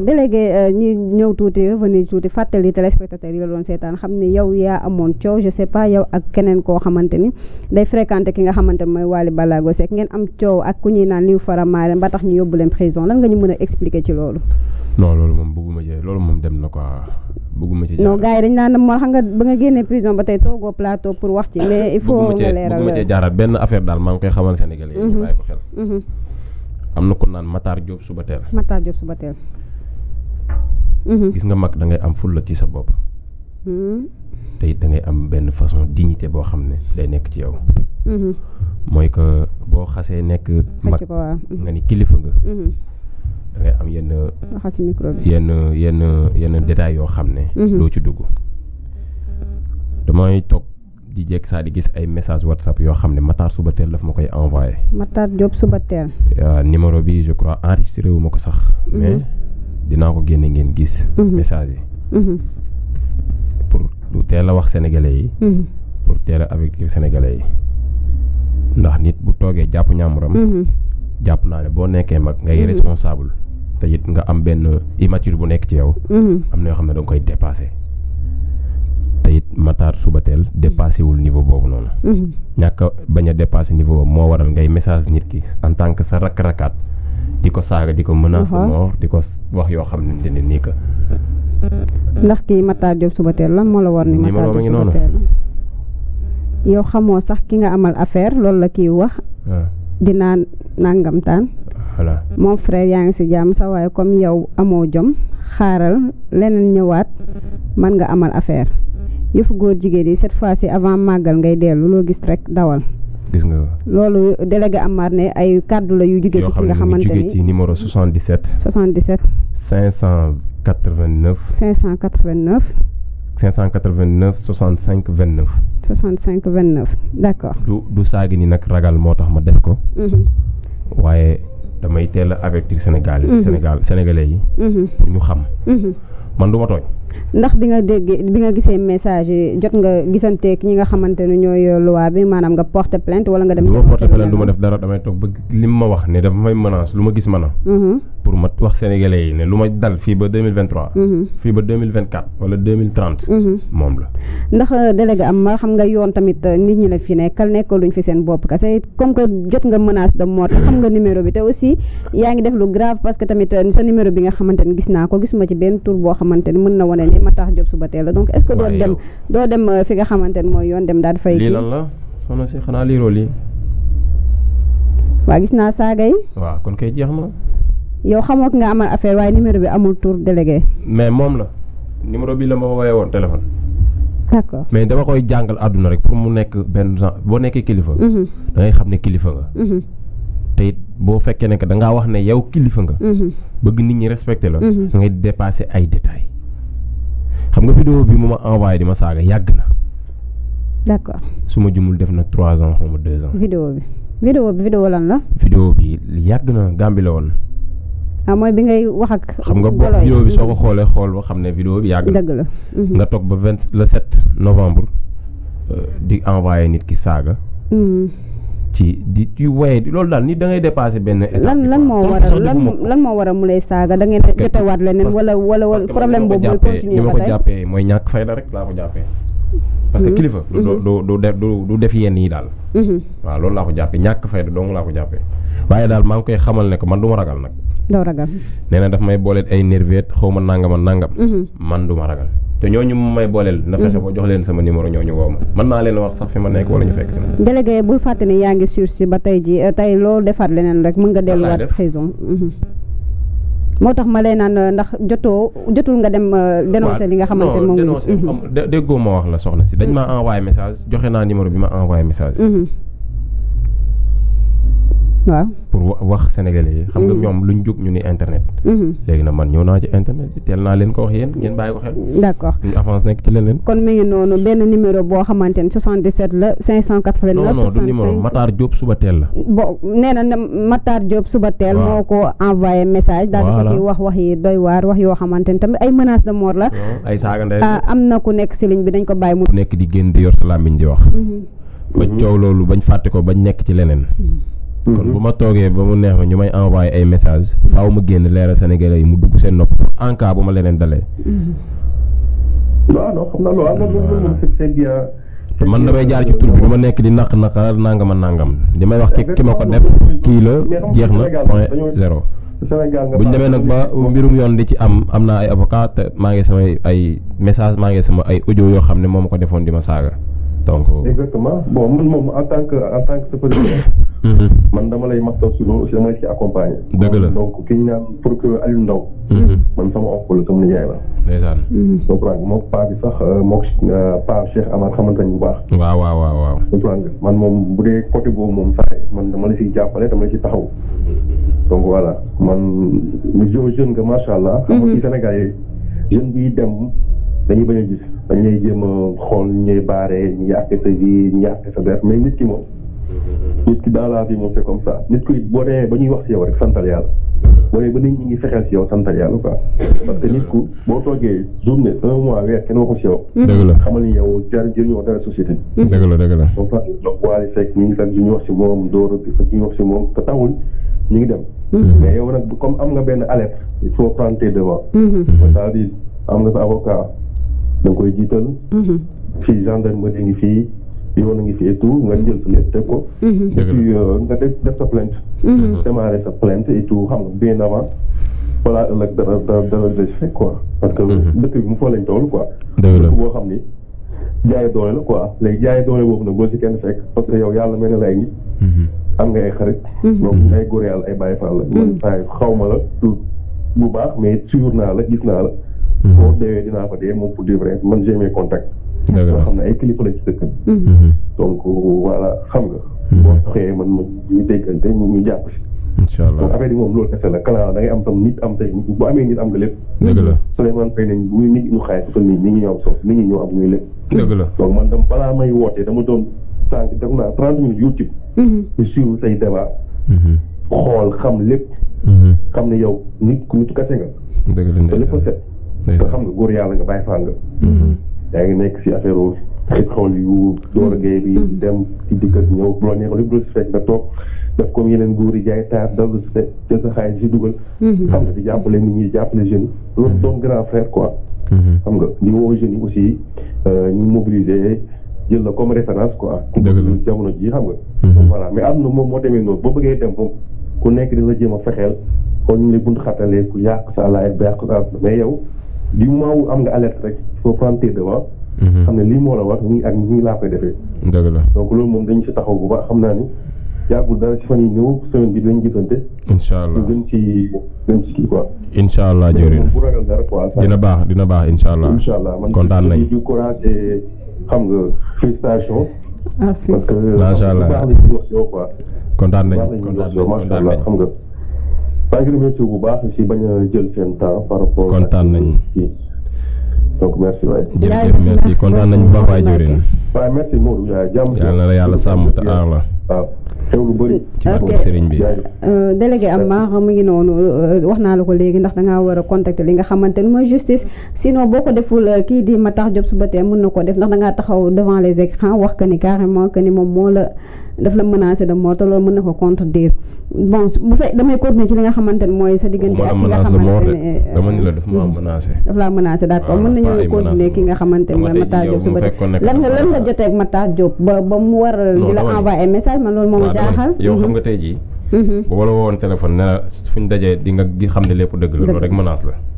délégué euh, ñi ñëw tuuti revenu tuuti fàttali téléspectateurs yi la doon seetaan xam ne yow yaa amoon coow je sais ak keneen koo xamante ni day fréquenté ki nga xamante ni mooy wali Ballago Seck ngeen am coow ak ku ñuy naan liw faramaare ba tax ñu yóbbu leen prison lan nga ñu mën a expliquer ci loolu non loolu moom bëgguma ci loolu moom dem na ko bëgguma ci. non gars yi dañ naan moo xam nga ba nga génnee prison ba tey toogoo plateau pour wax ci. mais il faut nga leeral bëgguma benn affaire daal maa koy xamal Sénégalais yi. ñu mhm. bàyyi mhm. am na ku naan Matar Diop suba teel. Matar Diop suba teel. Mhm. gis nga mag dangay am fulla ci sa bopp. te it da am benn façon dignité boo xam ne day nekk ci yow. mooy que boo xasee nekk. mag nga ni kilifa nga. da am yenn. waxal ci micro yenn yenn yenn détails yoo xam ne. Mhm. doo ci dugg. damay toog di jekk saa di gis ay message whatsapp yoo xam ne suba teel daf ma koy envoyé. mataat Matar Diop Subatel. numéro bi je crois enregistré wu ma ko sax. Mhm. mais dinaa ko génne ngeen gis. Mhm. message yi. pour teel a wax sénégalais yi. pour teel a avec sénégalais yi. ndax nit bu toogee jàpp ñaamuram. jàpp naa ne boo nekkee mag ngay responsable. te it nga am benn immature bu nekk ci yow. Mm-hmm. am na yoo xam ne danga koy dépassé. te it Matar teel dépassé wul niveau boobu noonu. Mm-hmm. ñàkk a bañ a dépassé moo waral ngay message nit ki en tant que sa rakk-rakkaat di ko saaga di ko menace de uh-huh. mort di ko wax yoo xam ne nii ko ndax kii Matar Diop teel lan moo la war ni Matar Diop Subatel yow xamoo sax ki nga amal affaire loolu la kii wax. Ah. dinaa nangam taan. voilà moom frère yaa ngi si jàmm sa waaye comme yow amoo jom xaaral leneen ñëwaat mën nga amal affaire yëfu góor jigéen yi cette fois ci avant màggal ngay dellu loo gis rek dawal. gis nga loolu délégué Amar ne ay kàddu la yu jugee ci ki nga xamante ni ci numéro 77. 77. 589. 589. 589 65 29. 65 29 d'accord. du du saagi ni nag ragal moo tax ma def ko. Mhm. waaye. damay teel a avertir Sénégal yi. Mhm. Sénégal sénégalais yi. Mhm. pour ñu xam. Mhm. man du ma tooñ. ndax bi nga déggee bi nga gisee message yi jot nga gisanteeg ñi nga xamante ne ñooy loi bi maanaam nga porte plainte wala nga dem. du ma porte plainte du ma def dara damay toog ba li ma wax ne dafa may menace lu ma gis ma ma wax sénégalais yi ne lu ma dal fii ba deux mille vingt trois. Mhm. fii ba deux mille vingt quatre wala deux mhm. moom la. ndax euh, délégué am ma xam nga yoon tamit euh, nit ñi la fi nekkal nekkal luñ fi seen bopp kese comme que jot nga menace de mort xam nga numéro bi te aussi yaa ngi def lu grave parce que tamit euh, sa numéro bi nga xamante gis naa ko gisuma ci benn tur boo xamante mën na wane ne Matar Diop suba teel la donc est doo dem fi nga xamante mooy yoon yow xamoo nga amal affaire waaye numéro bi amul tour délégué. mais moom la numéro bi la ma woowee woon téléphone. d'accord mais dama koy jàngal àdduna rek pour mu nekk benn genre boo nekkee kilifa. Mhm. da xam ne kilifa nga. Mhm. te it boo fekkee ne que da wax ne yow kilifa nga. Mhm. bëgg nit ñi respecté la. da ngay ay détails xam nga vidéo bi mu ma envoyé di ma saaga yàgg na. d'accord su ma jumul def na trois ans xaw ma deux ans. vidéo bi vidéo bi lan la. vidéo bi yàgg na Gambie la woon. ah mooy bi ngay wax ak. xam nga boobu vidéo bi soo ko xoolee xool ba xam ne vidéo bi yàgg na. la. Mhm. nga toog ba vingt le sept novembre euh, di envoyé nit ki saaga. Mhm. ci di ci waaye loolu daal nit da ngay dépassé benn. état lan lan moo war a lan lan war a mu lay saaga da ngeen jotewaat leneen wala wala problème boobu. mooy continuer ba tey ni ma ko jàppee mooy ñàkk fay la rek laa ko jàppee. parce que mm-hmm. kilifa. du du mm-hmm. du du def yenn yi daal. Mm-hmm. waaw loolu laa ko jàppee ñàkk fayda dong laa ko jàppee waaye daal maa ngi koy xamal ne ko man du ma ragal nag. doo ragal. nee na daf may booleel ay nerveux xaw ma nangam nangam. man du ma ragal. te ñooñu may booleel. na fexe ba jox leen sama numéro ñooñu woo ma. mën naa leen wax sax fi ma nekk wala ñu fekk si ma. délégué bul fàtte ne yaa ngi sursis ba tey ji tey loolu defaat leneen rek mën nga delluwaat moo tax ma lay naan euh, ndax jotoo jotul nga dem euh, dénoncer li nga xamante ne moom dénoncer déggoo ma wax la soxna si dañ mm. ma envoyé message joxe naa numéro bi ma envoyé message mm-hmm. waaw pour wax sénégalais yi. xam nga mm-hmm. ñoom luñ jóg ñu ni internet. Mm-hmm. léegi nag man ñëw naa ci internet bi teel naa leen ko wax yéen ngeen bàyyi ko xel. d' nekk ci leneen. kon mi ngi noonu benn numéro boo xamante ne 77 la 589. 65 non non du numéro Matar Diop suba teel la. boo nee na Matar Diop suba teel. moo ko envoyé message. daal di ko ci wax wax yi doy waar wax yoo xamante ne tamit ay menaces de mort la. ay saaga ndey ah, am na ku nekk si ligne bi dañ ko bàyyi mu. ku nekk di génn di yor sa làmmiñ di wax. Mm-hmm. ba coow loolu bañ fàtte ko bañ nekk ci leneen. Hmm. kon bu ma toogee ba mu neex ma ñu may envoyé ay message hmm. faaw ma génn leeral Sénégalais yi mu dugg seen nopp pour bu ma leneen dalee. Hmm. man damay jaar ci tur bi ma nekk di naq naqar nangama nàngam di may wax ki ki ma ko def kii la jeex na point zéro bu ñu demee nag ba mbirum yoon di ci am am naa ay avocat maa ngi samay ay message maa ngi sama ay ojo yoo xam ne moom ma ko defoon di ma saaga donc. Euh, Mm-hmm. man dama lay mastaw si loolu aussi dama lay si accompagner. dëgg la donc ki ñu naan procureur Aliou ndaw mm-hmm. man sama oncle la sama nijaay la. ndeysaan. Mm-hmm. comprendre moom paa sax euh, moog euh, paa Cheikh Amar xamante nañu bu baax. waaw waaw waaw man moom bu dee côté boobu moom sax man dama la fi jàppale dama la siy taxaw. donc voilà man lu jeune nga macha allah. xam nga ci Sénégal yi jeune biy dem dañuy bañ a gis dañu lay jéem a xool ñu ñuy baaree ñu yàq sa ñu yàq sa ber mais nit ki moom. nit ki dans la vie moom c'est comme ça nit ki boo nee ba ñuy wax si yow rek santal yàlla boo nee ba nit ñi ngi fexeel si yow santal yàlla quoi parce que nit ku boo toogee journée un mois weer kenn waxu si yow dëgg la xamal ni yow jar jëriñoo dara société bi dëgg la dëgg la donc donc Wally Seck ñu ngi fan ñu wax si moom Doro bi fa ñu wax si moom te tawul ñu ngi dem mm-hmm. mais yow nag comme am nga benn alerte il faut prendre tes devants mm-hmm. c'est-à-dire am nga sa avocat da nga koy jiital mm-hmm. fii gendarmerie ngi fii yoon a ngi fi et tout nga jël sa lépp teg ko. Mhm. et puis euh, nga def def sa plainte. Mhm. Mhm. sa plainte et xam nga bien avant. voilà ëllëg dara dara dara des fekk quoi. parce que bi mu foo lañ toll quoi. boo xam ni jaay doole la ko léegi jaay doole boobu na boo ci kenn fekk parce que yow yàlla mel na lay ngi. am nga ay xarit. donc ay góor yàlla ay bàyyi faal la. man xaw ma la bu baax mais suur naa la gis naa la. Mhm. boo teewee dinaa fa dee moom pour dire vrai man j'ai mes contacts. dëgg xam ne ay kilifa lañ ci dëkk bi. Mhm. Mhm. donc voilà xam nga. man ma ñu déggante ñu jàpp si. incha allah donc affaire yi moom loolu kese la kala da ngay am tam nit am tey bu amee nit am nga lépp. dëgg la Souleymane nit ñu xaay parce que nit nit am ñuy lépp. dëgg man tam balaa may wootee dama doon sànq def naa trente minutes YouTube. ñu suivre say xool xam lépp. xam ne yow nit ku nitu kese nga. dëgg la te xam nga góor yàlla nga bàyyi faa nga. Mm-hmm. yaa ngi nekk si affaire wu xëj xool yu door a mm-hmm. géey bi mm-hmm. dem ci dikk ak ñëw bu la neexee lu dul si fekk nga toog def comme yeneen góor yi jaay taar dal si fekk dugal. xam nga di jàppale nit ñi jàppale jeunes yi. loolu doon grand frère xam nga di woo jeunes yi euh, ñu mobiliser jël na comme référence ko dëgg la xam nga. voilà mais am na moom moo demee noonu boo bëggee dem moom ku nekk dina jéem a fexeel xool ñu lay bunt xatalee ku yàq sa àll ba yàq sa mais yow. du moment am nga alerte rek il faut prendre tes xam ne lii moo la wax nii ak nii laa koy defee. dëgg la donc loolu moom dañu si taxaw bu baax xam naa ni yàggul dara si fan yii ñëw semaine bi dinañ gisante. incha allah gën ci gën ci kii quoi. incha allah jërëjëf bu ragal dara quoi. dina baax dina baax incha allah. incha allah man kontaan nañ du courage et xam nga félicitation. merci parce que macha allah kontaan nañ kontaan nañ kontaan nañ. maa ngi a jël seen temps par rapport kontaan nañ yàlla na yàlla sàmm te aar la waaw xew bi euh, délégué Amar mu ngi noonu euh, wax naa la ko léegi ndax dangaa war a contacter li nga xamante ni mooy justice sinon boo ko deful euh, kii di Matar Diop suba tee mën na ko def ndax dangaa taxaw devant les écrans wax que ni carrément que moom moo la daf la menacer de moo te loolu mën na ko contredire bon bu fekk damay continuer ci li nga xamante ne mooy sa diggante ak ki nga xamante ne dama euh, ni la daf ma menacer daf laa menacer d'accord ah, mën nañu continuer ki nga xamante ne mooy Matar Diop suba lan nga lan nga jotee ak Matar Diop ba ba mu war di la envoyer message man loolu jaaxal yow xam mhm. nga tey jii mhm. bu ma la wowoon téléphone ne la dajee di nga di xam ne lépp dëgg la loolu rek menace la